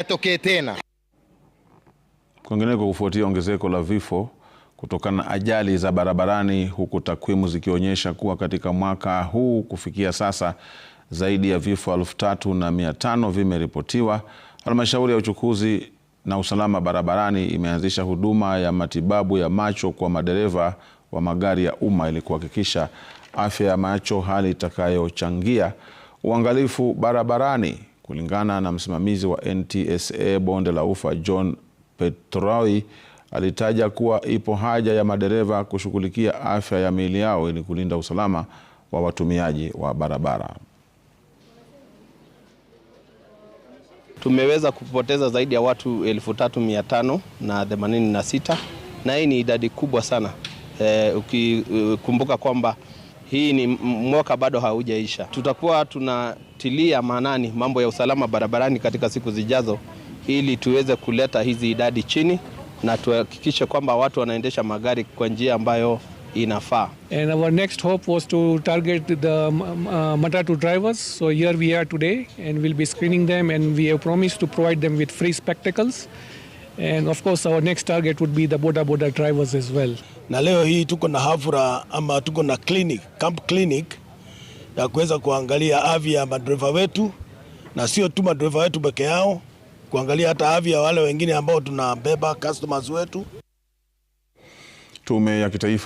yatokee tena. Kwingineko, kufuatia ongezeko la vifo kutokana na ajali za barabarani, huku takwimu zikionyesha kuwa katika mwaka huu kufikia sasa zaidi ya vifo elfu tatu na mia tano vimeripotiwa, halmashauri ya uchukuzi na usalama barabarani imeanzisha huduma ya matibabu ya macho kwa madereva wa magari ya umma ili kuhakikisha afya ya macho, hali itakayochangia uangalifu barabarani. Kulingana na msimamizi wa NTSA bonde la ufa John Petroi, alitaja kuwa ipo haja ya madereva kushughulikia afya ya miili yao ili kulinda usalama wa watumiaji wa barabara. Tumeweza kupoteza zaidi ya watu 3586 na na hii ni idadi kubwa sana e, eh, ukikumbuka eh, kwamba hii ni mwaka bado haujaisha. Tutakuwa tunatilia maanani mambo ya usalama barabarani katika siku zijazo, ili tuweze kuleta hizi idadi chini na tuhakikishe kwamba watu wanaendesha magari kwa njia ambayo inafaa. And our next hope was to target the uh, matatu drivers so here we are today and we'll be screening them and we have promised to provide them with free spectacles And of course our next target would be the boda boda drivers as well. Na leo hii tuko na hafura ama tuko na clinic, camp clinic ya kuweza kuangalia afya ya madereva wetu na sio tu madereva wetu peke yao, kuangalia hata afya ya wale wengine ambao tunabeba customers wetu. Tume ya kitaifa ya